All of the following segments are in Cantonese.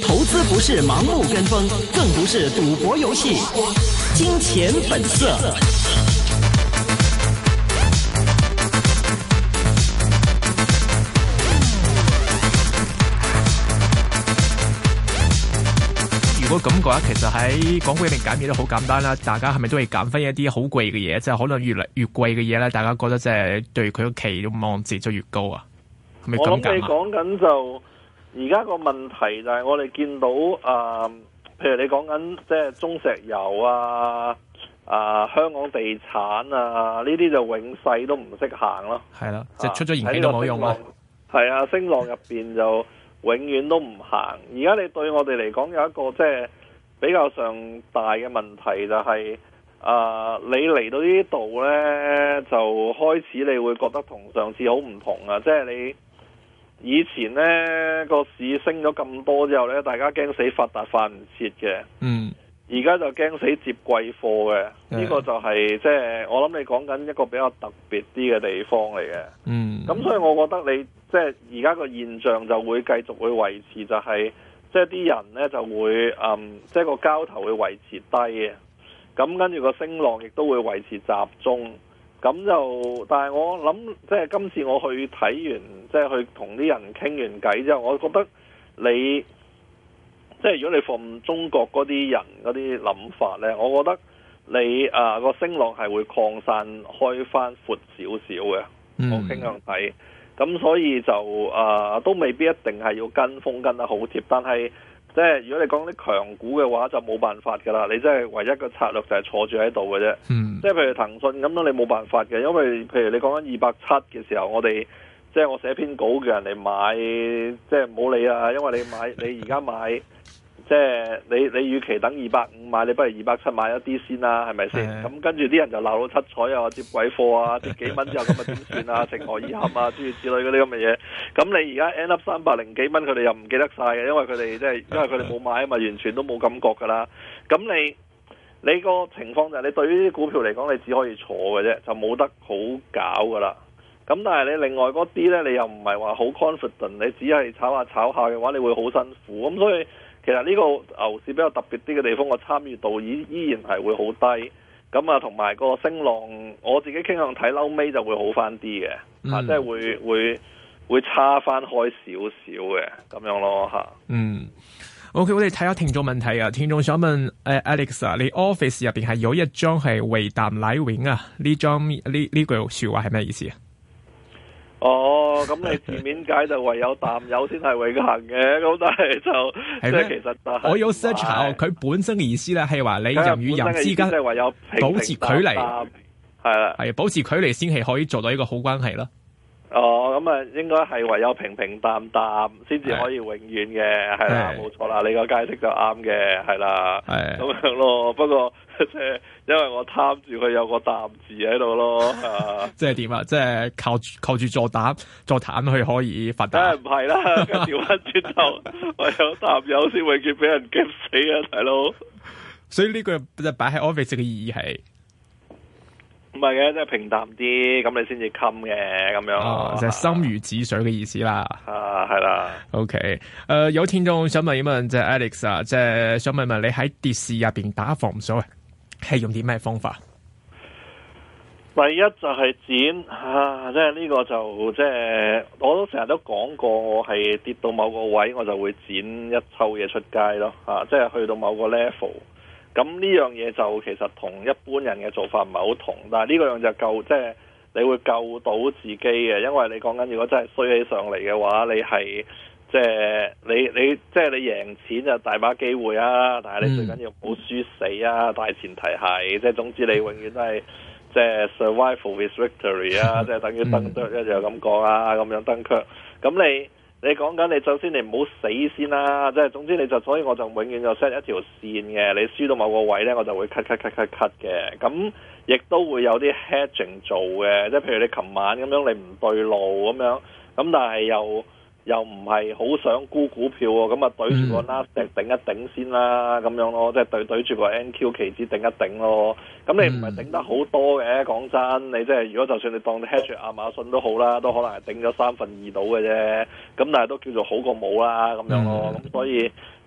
投資不是盲目跟風，更不是賭博遊戲。金錢本色。 如果咁講，其實喺港股入面減嘢都好簡單啦。大家係咪都係減翻一啲好貴嘅嘢，即係可能越嚟越貴嘅嘢咧，大家覺得即係對佢個期望值就越高啊。我諗你講緊就而家個問題就係我哋見到啊、呃，譬如你講緊即係中石油啊、啊、呃、香港地產啊呢啲就永世都唔識行咯。係啦，即係出咗前景都冇用咯、啊。係啊，升浪入邊就永遠都唔行。而家你對我哋嚟講有一個即係比較上大嘅問題就係、是、啊、呃，你嚟到呢度咧就開始你會覺得同上次好唔同啊，即係你。以前呢個市升咗咁多之後呢，大家驚死發達發唔切嘅。嗯，而家就驚死接貴貨嘅。呢、嗯、個就係即係我諗你講緊一個比較特別啲嘅地方嚟嘅。嗯，咁所以我覺得你即係而家個現象就會繼續會維持，就係即係啲人呢就會嗯，即係個交投會維持低嘅。咁跟住個升浪亦都會維持集中。咁就，但係我諗，即係今次我去睇完，即係去同啲人傾完偈之後，我覺得你，即係如果你放中國嗰啲人嗰啲諗法呢，我覺得你啊個、呃、聲浪係會擴散開翻闊少少嘅，我傾向睇，咁、mm. 所以就啊、呃、都未必一定係要跟風跟得好貼，但係。即係如果你講啲強股嘅話，就冇辦法㗎啦。你真係唯一個策略就係坐住喺度嘅啫。嗯， 即係譬如騰訊咁樣，你冇辦法嘅，因為譬如你講緊二百七嘅時候，我哋即係我寫篇稿嘅人嚟買，即係唔好理啊。因為你買，你而家買。即係你你與其等二百五買，你不如二百七買一啲先啦，係咪先？咁、 嗯、跟住啲人就鬧到七彩又接啊，或者鬼貨啊，啲幾蚊之後咁啊點算啊？情何以堪啊？諸如此類嗰啲咁嘅嘢。咁、嗯、你而家 end up 三百零幾蚊，佢哋又唔記得晒嘅，因為佢哋即係因為佢哋冇買啊嘛，完全都冇感覺噶啦。咁、嗯、你你個情況就係、是、你對於啲股票嚟講，你只可以坐嘅啫，就冇得好搞噶啦。咁、嗯、但係你另外嗰啲咧，你又唔係話好 confident，你只係炒下炒下嘅話，你會好辛苦咁、嗯，所以。其實呢個牛市比較特別啲嘅地方，我參與度依依然係會好低咁啊。同埋個升浪，我自己傾向睇撈尾就會好翻啲嘅吓，即係會會會差翻開少少嘅咁樣咯吓。嗯，OK，我哋睇下聽眾問題眾問、uh, Alex, 啊。聽眾想問誒 Alex 啊，你 office 入邊係有一張係為談禮永啊？呢張呢呢句說話係咩意思啊？哦，咁你前面解就唯有淡友先係永恆嘅，咁但係就即係嗎 其實係，我有 search 下，佢本身嘅意思咧係話你人與人之間係唯有平平淡淡保持距離，係啊的，係保持距離先係可以做到一個好關係咯。哦，咁啊，應該係唯有平平淡淡先至可以永遠嘅，係的的啦，冇錯啦，你個解釋就啱嘅，係啦，咁的樣咯。不過即係因為我貪住佢有個淡字喺度咯， 即係點啊？即係靠住靠住座膽座膽去可以發達？梗係唔係啦，跟住翻轉頭， 唯有淡友先永遠，俾人夾死啊，大佬！所以呢句就係擺喺 office 嘅意義係。唔係嘅，即係平淡啲，咁你先至襟嘅，咁樣，啊，就係心如止水嘅意思啦。啊，係啦。OK，誒，有聽眾想問一問，即係 Alex 啊，即係想問問你喺跌市入邊打防守，係用啲咩方法？第一就係剪啊，即係呢個就即係，我都成日都講過，我係跌到某個位，我就會剪一抽嘢出街咯。啊，即係去到某個 level。咁呢樣嘢就其實同一般人嘅做法唔係好同，但係呢個樣就救即係你會救到自己嘅，因為你講緊如果真係衰起上嚟嘅話，你係即係你你即係你贏錢就大把機會啊，但係你最緊要唔好輸死啊，但大前提係即係總之你永遠都係即係 survive with victory 啊， 即係等於登腳一樣咁講啊，咁樣登腳，咁你。你講緊你，首先你唔好死先啦，即係總之你就所以我就永遠就 set 一條線嘅，你輸到某個位呢，我就會 cut cut cut cut cut 嘅，咁亦都會有啲 hedging 做嘅，即係譬如你琴晚咁樣你唔對路咁樣，咁但係又。又唔係好想沽股票喎，咁、嗯、啊對住個納斯達克頂一頂先啦，咁樣咯，即係對對住個 NQ 期指頂一頂咯。咁你唔係頂得好多嘅，講真，你即係如果就算你當你 hedge 亞馬遜都好啦，都可能係頂咗三分二到嘅啫。咁但係都叫做好過冇啦，咁樣咯。咁、嗯、所以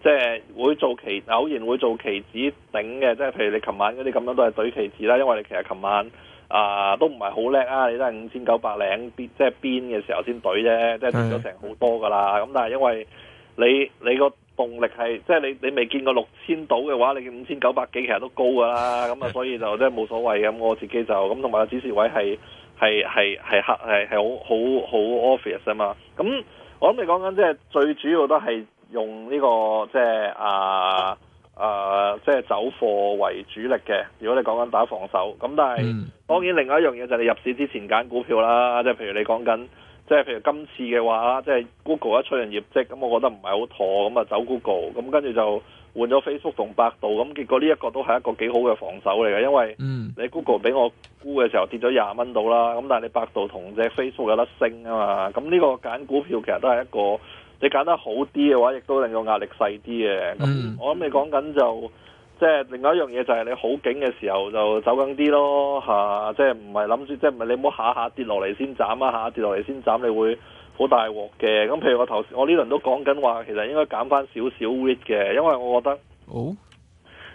即係會做期，偶然會做期指頂嘅，即係譬如你琴晚嗰啲咁樣都係對期指啦，因為你其實琴晚。啊，都唔係好叻啊！你都係五千九百零邊，即係邊嘅時候先懟啫，即係跌咗成好多噶啦。咁但係因為你你個動力係，即係你你未見過六千度嘅話，你五千九百幾其實都高噶啦。咁啊，所以就即係冇所謂咁，我自己就咁同埋個指示位係係係係黑係係好好好 obvious 啊嘛。咁我諗你講緊即係最主要都係用呢個即係啊。誒、呃，即係走貨為主力嘅。如果你講緊打防守，咁但係、嗯、當然另外一樣嘢就係你入市之前揀股票啦。即係譬如你講緊，即係譬如今次嘅話，即係 Google 一出完業績，咁我覺得唔係好妥，咁啊走 Google，咁跟住就換咗 Facebook 同百度，咁結果呢一個都係一個幾好嘅防守嚟嘅，因為你 Google 俾我沽嘅時候跌咗廿蚊到啦，咁但係你百度同隻 Facebook 有得升啊嘛，咁呢個揀股票其實都係一個。你揀得好啲嘅話，亦都令到壓力細啲嘅。咁、嗯、我諗你講緊就，即、就、係、是、另外一樣嘢就係你好景嘅時候就走緊啲咯嚇。即係唔係諗住，即係唔係你唔好下下跌落嚟先斬一、啊、下，下跌落嚟先斬，你會好大鑊嘅。咁譬如我頭我呢輪都講緊話，其實應該減翻少少 wid 嘅，因為我覺得，哦、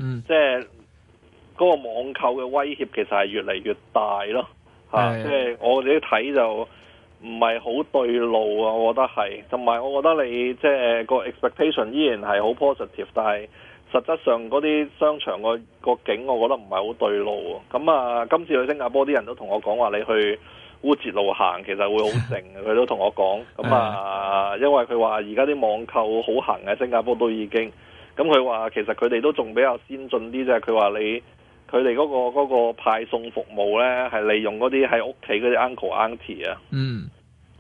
嗯，即係嗰個網購嘅威脅其實係越嚟越大咯嚇。即、啊、係的我哋睇就。唔係好對路啊，我覺得係，同埋我覺得你即係、呃、個 expectation 依然係好 positive，但係實質上嗰啲商場個個景，我覺得唔係好對路啊。咁、嗯、啊，今次去新加坡啲人都同我講話，你去烏節路行，其實會好靜。佢 都同我講，咁、嗯、啊，因為佢話而家啲網購好行嘅，新加坡都已經。咁佢話其實佢哋都仲比較先進啲啫。佢話你佢哋嗰個嗰個派送服務呢係利用嗰啲喺屋企嗰啲 uncle auntie 啊。嗯。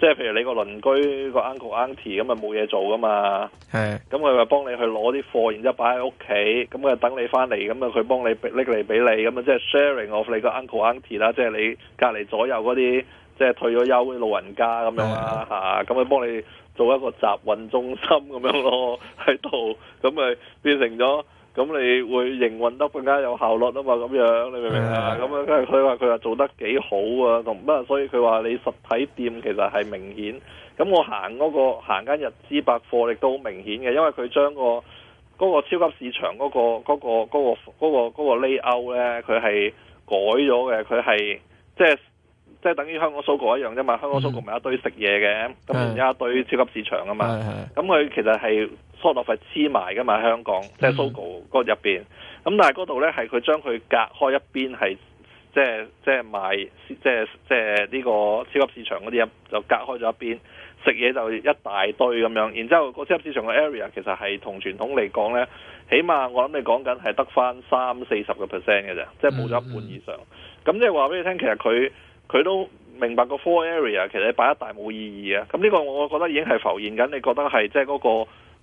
即係譬如你個鄰居個 uncle auntie 咁啊冇嘢做噶嘛，係的，咁佢話幫你去攞啲貨，然之後擺喺屋企，咁啊等你翻嚟，咁啊佢幫你拎嚟俾你，咁啊即係 sharing of 你個 uncle auntie 啦，即係你隔離左右嗰啲即係退咗休啲老人家咁樣啦嚇，咁的啊幫你做一個集運中心咁樣咯喺度，咁咪變成咗。咁你會營運得更加有效率啊嘛，咁樣你明唔明啊？咁啊的，因為佢話佢話做得幾好啊，咁不過所以佢話你實體店其實係明顯。咁我行嗰個行間日資百貨亦都好明顯嘅，因為佢將個嗰個超級市場嗰個嗰個嗰個嗰個嗰個 layout 咧，佢係改咗嘅，佢係即係。即係等於香港 Sogo 一樣啫嘛，香港 Sogo 咪、嗯、一堆食嘢嘅，咁然之一堆超級市場啊嘛，咁佢是 其實係疏落費黐埋嘅嘛，香港即係 Sogo 嗰入邊。咁、嗯、但係嗰度咧係佢將佢隔開一邊係即係即係賣即係即係呢、呢個超級市場嗰啲嘢就隔開咗一邊，食嘢就一大堆咁樣。然之後個超級市場嘅 area 其實係同傳統嚟講咧，起碼我諗你講緊係得翻三四十個 percent 嘅啫，即係冇咗一半以上。咁即係話俾你聽，其實佢。佢都明白個 floor area 其實你擺一大冇意義啊！咁、這、呢個我覺得已經係浮現緊，你覺得係即係嗰個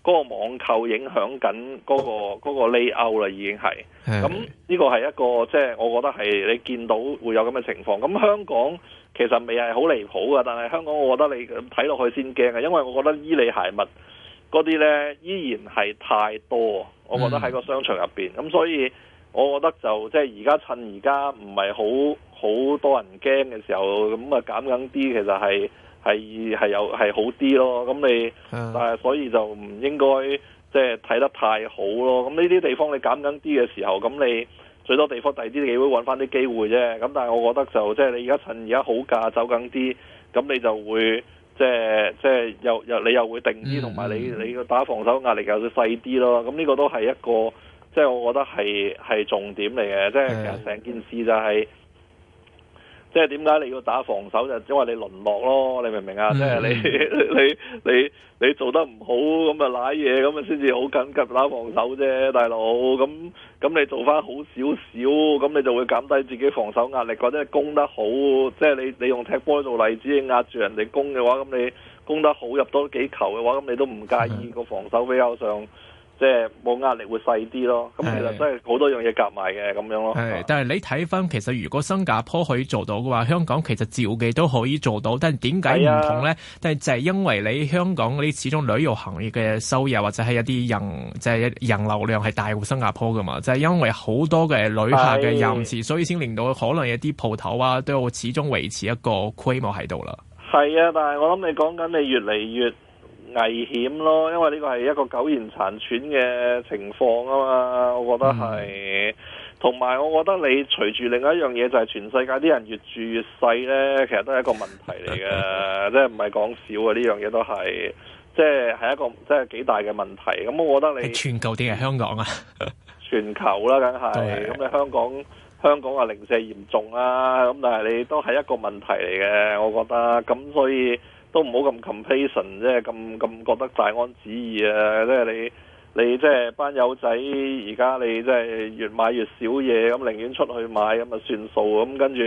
嗰、那個網購影響緊嗰個 layout 啦，那個、已經係。咁呢是個係一個即係、就是、我覺得係你見到會有咁嘅情況。咁香港其實未係好離譜噶，但係香港我覺得你睇落去先驚啊，因為我覺得衣履鞋襪嗰啲呢依然係太多、嗯、我覺得喺個商場入邊咁，所以我覺得就即係而家趁而家唔係好。好多人驚嘅時候，咁啊減緊啲，其實係係係有係好啲咯。咁你，嗯、但係所以就唔應該即係睇得太好咯。咁呢啲地方你減緊啲嘅時候，咁你最多地方第二啲你會揾翻啲機會啫。咁但係我覺得就即係你而家趁而家好價走緊啲，咁你就會即係即係又又你又會定啲，同埋、嗯嗯、你你打防守壓力又要細啲咯。咁呢個都係一個即係我覺得係係重點嚟嘅。即係其實成件事就係、是。即係點解你要打防守？就因為你淪落咯，你明唔明啊？即係 你你你你做得唔好咁啊，瀨嘢咁啊，先至好緊急打防守啫，大佬。咁、嗯、咁、嗯嗯、你做翻好少少，咁、嗯、你就會減低自己防守壓力，或者攻得好，即係你你用踢波做例子，壓住人哋攻嘅話，咁你攻得好，入多幾球嘅話，咁你都唔介意個防守比較上。即係冇壓力會細啲咯，咁其實真係好多樣嘢夾埋嘅咁樣咯。係的，吧但係你睇翻其實如果新加坡可以做到嘅話，香港其實照計都可以做到，但係點解唔同咧？的但係就係因為你香港啲始終旅遊行業嘅收入或者係一啲人即係、就是、人流量係大過新加坡噶嘛？就係、是、因為好多嘅旅客嘅人次，的所以先令到可能有啲鋪頭啊，都有始終維持一個規模喺度啦。係啊，但係我諗你講緊你越嚟越危險咯，因為呢個係一個苟延殘喘嘅情況啊嘛，我覺得係。同埋、嗯、我覺得你隨住另外一樣嘢就係全世界啲人越住越細呢，其實都係一個問題嚟嘅、嗯，即係唔係講少啊？呢樣嘢都係，即係係一個即係幾大嘅問題。咁我覺得你全球定係香港啊？ 全球啦，梗係。咁是你香港香港啊零舍嚴重啊，咁但係你都係一個問題嚟嘅，我覺得。咁所以。都唔好咁 complacent 即係咁咁覺得大安旨意啊！即係你你即係班友仔，而家你即係越買越少嘢，咁寧願出去買，咁啊算數，咁、嗯。跟住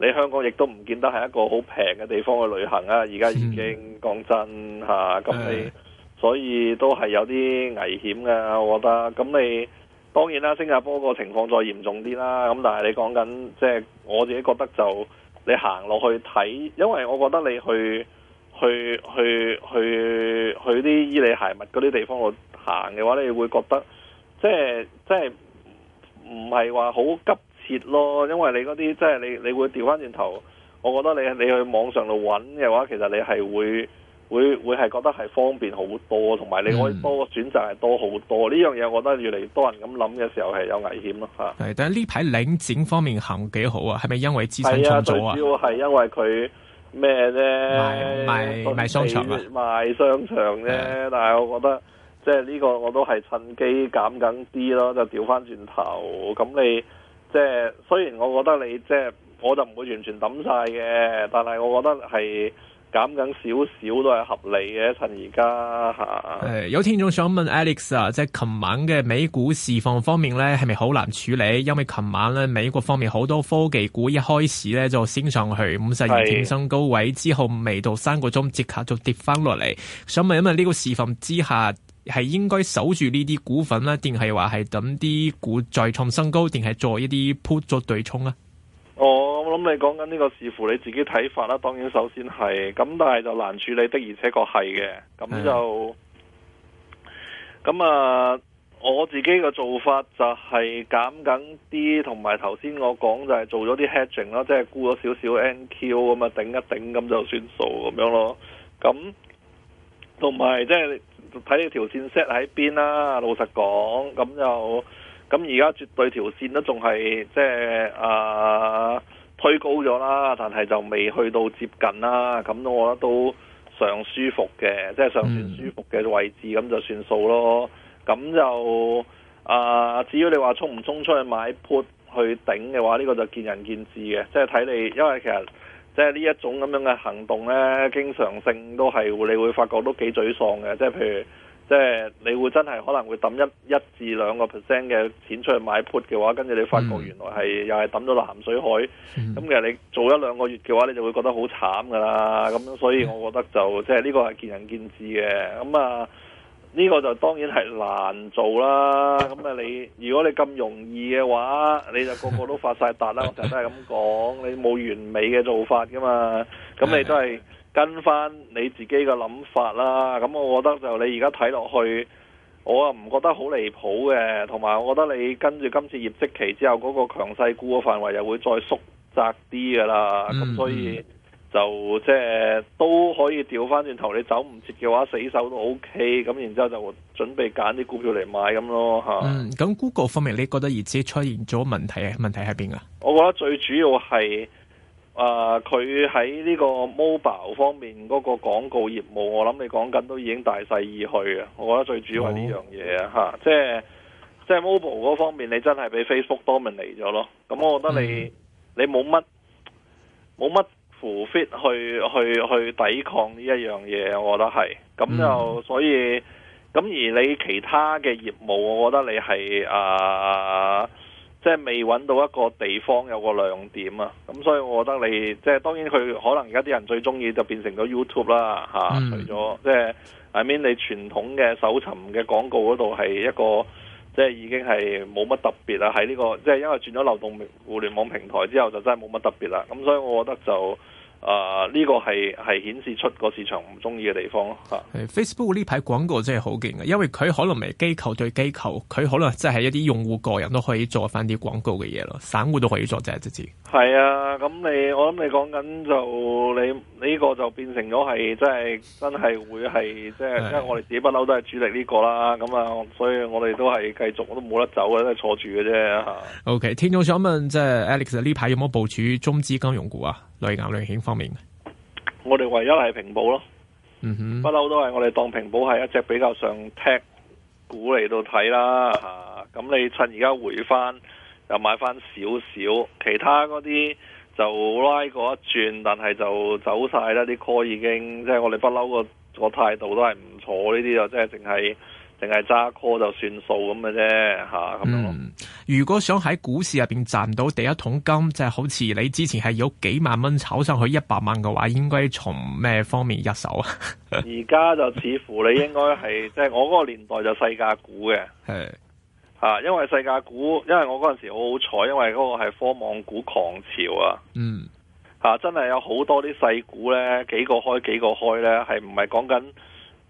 你香港亦都唔見得係一個好平嘅地方去旅行啊！而家已經講、嗯、真吓，咁、啊、你的所以都係有啲危險嘅，我覺得。咁你當然啦，新加坡個情況再嚴重啲啦。咁但係你講緊，即係我自己覺得就你行落去睇，因為我覺得你去。去去去去啲衣履鞋襪嗰啲地方度行嘅話，你會覺得即係即係唔係話好急切咯，因為你嗰啲即係你你會調翻轉頭，我覺得你你去網上度揾嘅話，其實你係會會會係覺得係方便好多，同埋你可以多個選擇係多好多。呢樣嘢我覺得越嚟越多人咁諗嘅時候係有危險咯，吓。係，但係呢排領展方面行幾好啊？係咪因為資產重組、啊啊、主要係因為佢。咩啫？賣、嗯、賣商場啊！賣商場啫，但係我覺得即係呢個我都係趁機減緊啲咯，就調翻轉頭。咁你即係、即係、雖然我覺得你即係、即係、我就唔會完全抌晒嘅，但係我覺得係。減緊少少都係合理嘅，趁而家吓。誒，有聽眾想問 Alex 啊，即係琴晚嘅美股市況方面咧，係咪好難處理？因為琴晚咧，美國方面好多科技股一開始咧就升上去，五十二點新高位之後未到三個鐘，即刻就跌翻落嚟。想問，因為呢個市況之下係應該守住呢啲股份咧，定係話係等啲股再創新高，定係做一啲 put 作對沖啊？我我諗你講緊呢個視乎你自己睇法啦，當然首先係咁，但係就難處理的，確確的，而且確係嘅，咁就咁啊！我自己嘅做法就係減緊啲，同埋頭先我講就係做咗啲 hedging 啦，即係沽咗少少 NQ 咁啊，頂一頂咁就算數咁樣咯。咁同埋即係睇你條線 set 喺邊啦。老實講，咁就。咁而家絕對條線都仲係即係啊、呃、推高咗啦，但係就未去到接近啦。咁我覺得都尚舒服嘅，嗯、即係尚算舒服嘅位置，咁就算數咯。咁就啊，只、呃、要你話衝唔衝出去買 put 去頂嘅話，呢、呢個就見仁見智嘅。即係睇你，因為其實即係呢一種咁樣嘅行動呢，經常性都係你會發覺都幾沮喪嘅。即係譬如。即係你會真係可能會抌一一至兩個 percent 嘅錢出去買 put 嘅話，跟住你發覺原來係、嗯、又係抌咗落鹹水海，咁、嗯、其實你做一兩個月嘅話，你就會覺得好慘噶啦。咁所以，我覺得就即係呢個係見仁見智嘅。咁啊，呢、呢個就當然係難做啦。咁啊，你如果你咁容易嘅話，你就個個都發晒達啦。 我就都係咁講，你冇完美嘅做法噶嘛。咁你都係。 跟翻你自己嘅諗法啦，咁我覺得就你而家睇落去，我啊唔覺得好離譜嘅，同埋我覺得你跟住今次業績期之後嗰、那個強勢股嘅範圍又會再縮窄啲噶啦，咁、嗯、所以就即係都可以調翻轉頭，你走唔切嘅話死守都 O K，咁然之後就準備揀啲股票嚟買咁咯吓。咁、嗯、Google 方面你覺得而家出現咗問題啊？問題喺邊啊？我覺得最主要係。啊！佢喺呢個 mobile 方面嗰個廣告業務，我諗你講緊都已經大勢已去啊！我覺得最主要係呢樣嘢啊，嚇、哦！即係即係 mobile 嗰方面，你真係俾 Facebook dominate 咗咯。咁我覺得你、嗯、你冇乜冇乜 fit 去去去，去抵抗呢一樣嘢，我覺得係。咁就、嗯、所以咁而你其他嘅業務，我覺得你係啊。即係未揾到一個地方有個亮點啊！咁所以我覺得你即係當然佢可能而家啲人最中意就變成咗 YouTube 啦吓、啊，除咗即係 I mean 你傳統嘅搜尋嘅廣告嗰度係一個即係已經係冇乜特別啦，喺呢、呢個即係因為轉咗流動互聯網平台之後就真係冇乜特別啦。咁所以我覺得就。誒、呢、啊，這個係係顯示出個市場唔中意嘅地方咯吓、啊。Facebook 呢排廣告真係好勁㗎，因為佢可能係機構對機構，佢可能即係一啲用戶個人都可以做翻啲廣告嘅嘢咯，散戶都可以做就係知。係啊，咁你我諗你講緊就你呢個就變成咗係即係真係會係即係，是因為我哋自己不嬲都係主力呢、這個啦，咁啊，所以我哋都係繼續我都冇得走嘅，都係錯住嘅啫。啊、o、okay, K，聽眾想問即係 Alex 呢排有冇部署中資金融股啊？雷硬雷險。方面，我哋唯一係平保咯，不嬲都係我哋當平保係一隻比較上踢股嚟到睇啦。咁你趁而家回翻又買翻少少，其他嗰啲就拉過一轉，但係就走晒啦。啲 call 已經即係我哋不嬲個個態度都係唔錯，呢啲就即係淨係淨係揸 call 就算數咁嘅啫。吓，嗯。如果想喺股市入邊賺到第一桶金，即、就、係、是、好似你之前係有幾萬蚊炒上去一百萬嘅話，應該從咩方面入手啊？而 家就似乎你應該係，即、就、係、是、我嗰個年代就世界股嘅，係吓是、啊，因為世界股，因為我嗰陣時好好彩，因為嗰個係科網股狂潮啊，嗯吓、啊，真係有好多啲細股咧，幾個開幾個開咧，係唔係講緊？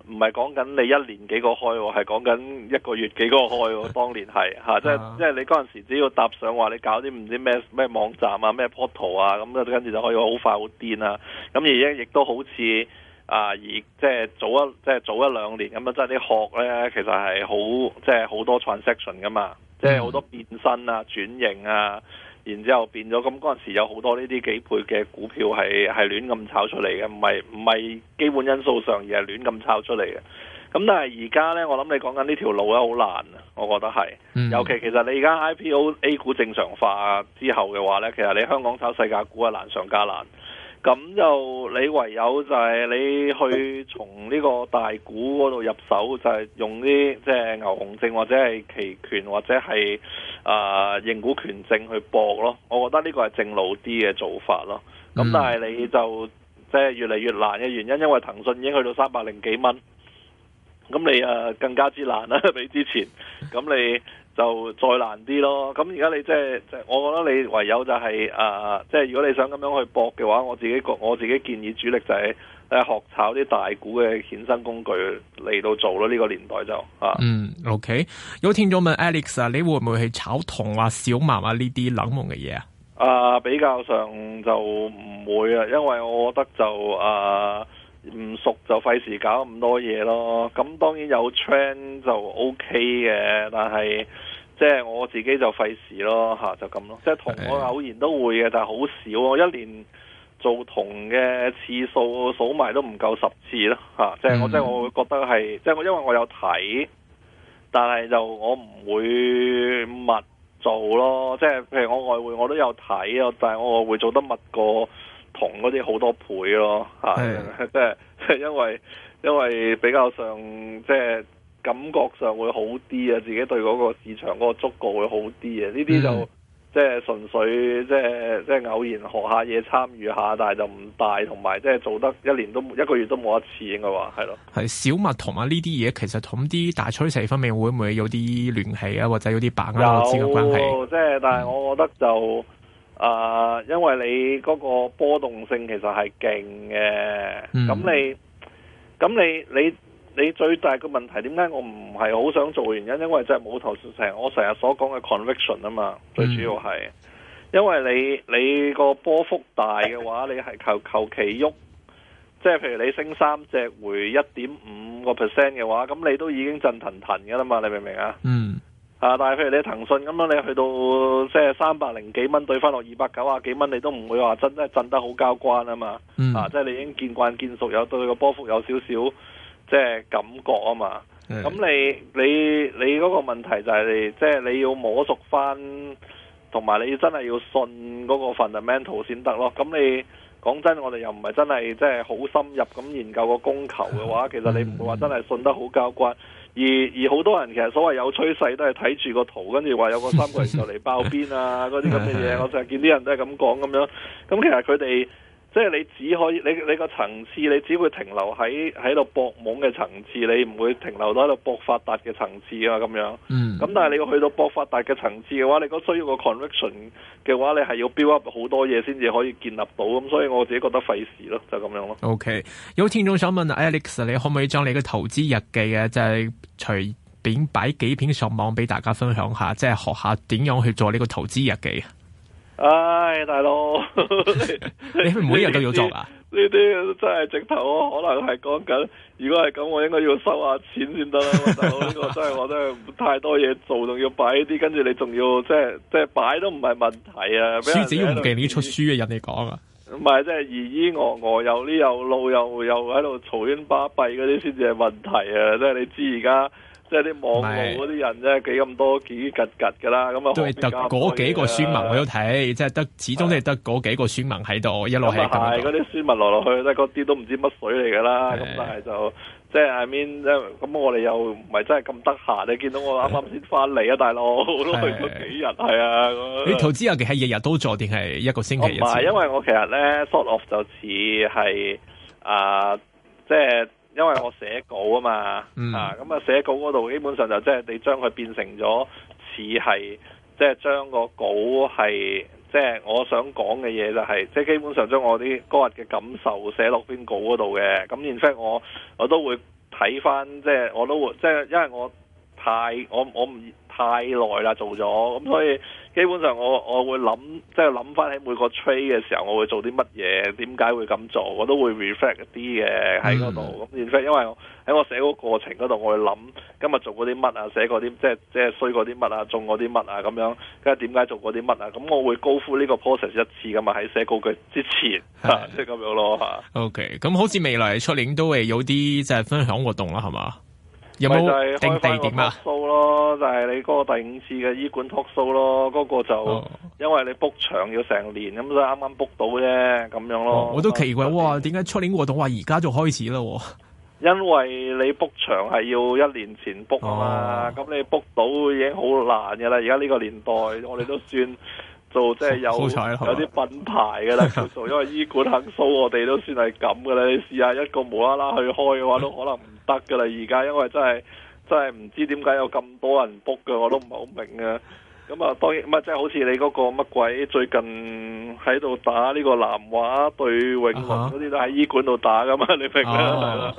唔係講緊你一年幾個開喎，係講緊一個月幾個開喎。當年係嚇， 啊、即係即係你嗰陣時，只要搭上話你搞啲唔知咩咩網站啊、咩 portal 啊，咁跟住就可以好快好癲啊。咁而家亦都好似啊，而即係早一即係、即係、早一兩年咁啊。即係啲學咧其實係好即係好多 transaction 噶嘛，即係好多變身啊、轉型啊。然之後變咗，咁嗰陣時有好多呢啲幾倍嘅股票係係亂咁炒出嚟嘅，唔係唔係基本因素上而係亂咁炒出嚟嘅。咁但係而家呢，我諗你講緊呢條路咧好難啊，我覺得係。尤其其實你而家 IPO A 股正常化之後嘅話呢，其實你香港炒世界股係難上加難。咁就你唯有就係你去從呢個大股嗰度入手，就係、是、用啲即係牛熊證或者係期權或者係。啊，認、uh，股權證去博咯，我覺得呢個係正路啲嘅做法咯。咁但係你就即係越嚟越難嘅原因，因為騰訊已經去到三百零幾蚊，咁你誒、啊、更加之難啦比之前，咁你就再難啲咯。咁而家你即係即係，我覺得你唯有就係、是、啊，即、呃、係、就是、如果你想咁樣去博嘅話，我自己覺我自己建議主力就係、是。誒，學炒啲大股嘅衍生工具嚟到做咯，呢個年代就啊。嗯，OK。有聽眾問 Alex 啊，你會唔會去炒同話小麻麻呢啲冷門嘅嘢啊？啊，啊，啊，比較上就唔會啊，因為我覺得就啊唔熟就費事搞咁多嘢咯。咁當然有 trend 就 OK 嘅，但係即係我自己就費事咯吓、啊，就咁咯。的即係同我偶然都會嘅，但係好少。我一年。做銅嘅次數我數埋都唔夠十次啦。嚇、啊！即係、嗯、我即係我會覺得係，即係我因為我有睇，但係就我唔會密做咯。即係譬如我外匯我都有睇啊，但係我會做得密過銅嗰啲好多倍咯，嚇、啊！是 即係即係因為因為比較上即係感覺上會好啲啊，自己對嗰個市場嗰個觸覺會好啲啊，呢啲就。嗯即係純粹，即係即係偶然學下嘢，參與下，但係就唔大，同埋即係做得一年都一個月都冇一次應該話，係咯？係小麥同埋呢啲嘢，其實同啲大趨勢分面會唔會有啲聯繫啊？或者有啲把握之、啊、嘅有關係？即係，但係我覺得就啊、嗯呃，因為你嗰個波動性其實係勁嘅，咁你咁你你。你最大嘅問題點解我唔係好想做？原因因為就係冇頭先成我成日所講嘅 conviction 啊嘛，mm. 最主要係因為你你個波幅大嘅話，你係求求其喐，即係、就是、譬如你升三隻回一點五個 percent 嘅話，咁你都已經震騰騰嘅啦嘛，你明唔明啊？嗯、mm. 啊，但係譬如你騰訊咁樣，你去到即係三百零幾蚊對翻落二百九啊幾蚊，你都唔會話真真係震得好交關啊嘛，mm. 啊，即、就、係、是、你已經見慣見熟，有對個波幅有少少。即係感覺啊嘛，咁你你你嗰個問題就係你即係、就是、你要摸熟翻，同埋你真係要信嗰個 fundamental 先得咯。咁你講真，我哋又唔係真係即係好深入咁研究個供求嘅話，其實你唔會話真係信得好交關。而而好多人其實所謂有趨勢都係睇住個圖，跟住話有個三個人就嚟爆邊啊嗰啲咁嘅嘢，我就係見啲人都係咁講咁樣，咁其實佢哋。即係你只可以你你個層次，你只會停留喺喺度博懵嘅層次，你唔會停留到喺度博發達嘅層次啊咁樣。嗯。咁但係你要去到博發達嘅層次嘅話，你嗰需要個 conviction 嘅話，你係要 Build Up 好多嘢先至可以建立到。咁所以我自己覺得費事咯，就咁樣咯。OK，有聽眾想問 Alex，你可唔可以將你嘅投資日記嘅，即係隨便擺幾篇上網俾大家分享下，即係學下點樣去做呢個投資日記？唉、哎，大佬， 你唔每日都要做啊？呢啲真係直頭，可能係講緊。如果係咁，我應該要收下錢先得啦。大佬呢個真係，我真係太多嘢做，仲要擺呢啲，跟住你仲要即係即係擺都唔係問題啊。需唔需呢出書嘅人哋講啊？唔係， 即係咿咿我我又呢又老又又喺度嘈喧巴閉嗰啲先至係問題啊！即係你知而家。即係啲網路嗰啲人啫是，幾咁多幾拮拮噶啦，咁啊好比較。對，特嗰 幾個選民我都睇，即係得，始終都係得嗰幾個選民喺度一路喺度。係嗰啲選民落落去，即係嗰啲都唔知乜水嚟噶啦。咁但係就即係，I mean，咁，我哋又唔係真係咁得閒。你見到我啱啱先翻嚟啊，的大佬，我都去咗幾日係啊。你投資尤其係日日都做定係一個星期一次？唔係，因為我其實咧，short off 就似係啊，即係。因為我寫稿啊嘛，嗯、啊咁啊寫稿嗰度基本上就即係你將佢變成咗似係，即係將個稿係即係我想講嘅嘢就係，即係基本上將我啲嗰日嘅感受寫落篇稿嗰度嘅。咁然之後我我都會睇翻，即係我都會即係因為我太我我唔。太耐啦，做咗咁、嗯，所以基本上我我會諗，即係諗返喺每個 trade 嘅時候，我會做啲乜嘢？點解會咁做？我都會 reflect 啲嘅喺嗰度。咁 reflect，mm hmm. 因為喺我，我寫嗰個過程嗰度，我會諗今日做過啲乜啊？寫過啲即係即係衰過啲乜啊？中過啲乜啊？咁樣跟住點解做過啲乜啊？咁我會 go through 呢個 process 一次㗎嘛，喺寫嗰句之前嚇，即係咁樣咯嚇。啊、OK，咁好似未來出年都會有啲即係分享活動啦，係嘛？有冇定地點啊？talk show 咯，就係你嗰個第五次嘅醫館 talk show 咯，嗰個就因為你 book 場要成年，咁就啱啱 book 到啫，咁樣咯。我都奇怪哇，點解出年活動話而家就開始啦？ 因為你 book 場係要一年前 book 啊，嘛，咁你 book 到已經好難嘅啦。而家呢個年代，我哋都算。 做即係有有啲品牌㗎喇，做因為醫館肯收我哋都算係咁㗎喇。你試下一個無啦啦去開嘅話，都可能唔得㗎喇。而家因為真係真係唔知點解有咁多人 book 㗎，我都唔係好明啊。咁啊，當然咁啊，即係好似你嗰個乜鬼最近喺度打呢個南華對永隆嗰啲都喺醫館度打噶嘛？你明啦，係啦，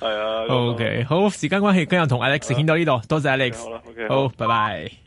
係啊。OK，好，時間關係，今日同 Alex 傾到呢度，多謝 Alex。好，拜拜。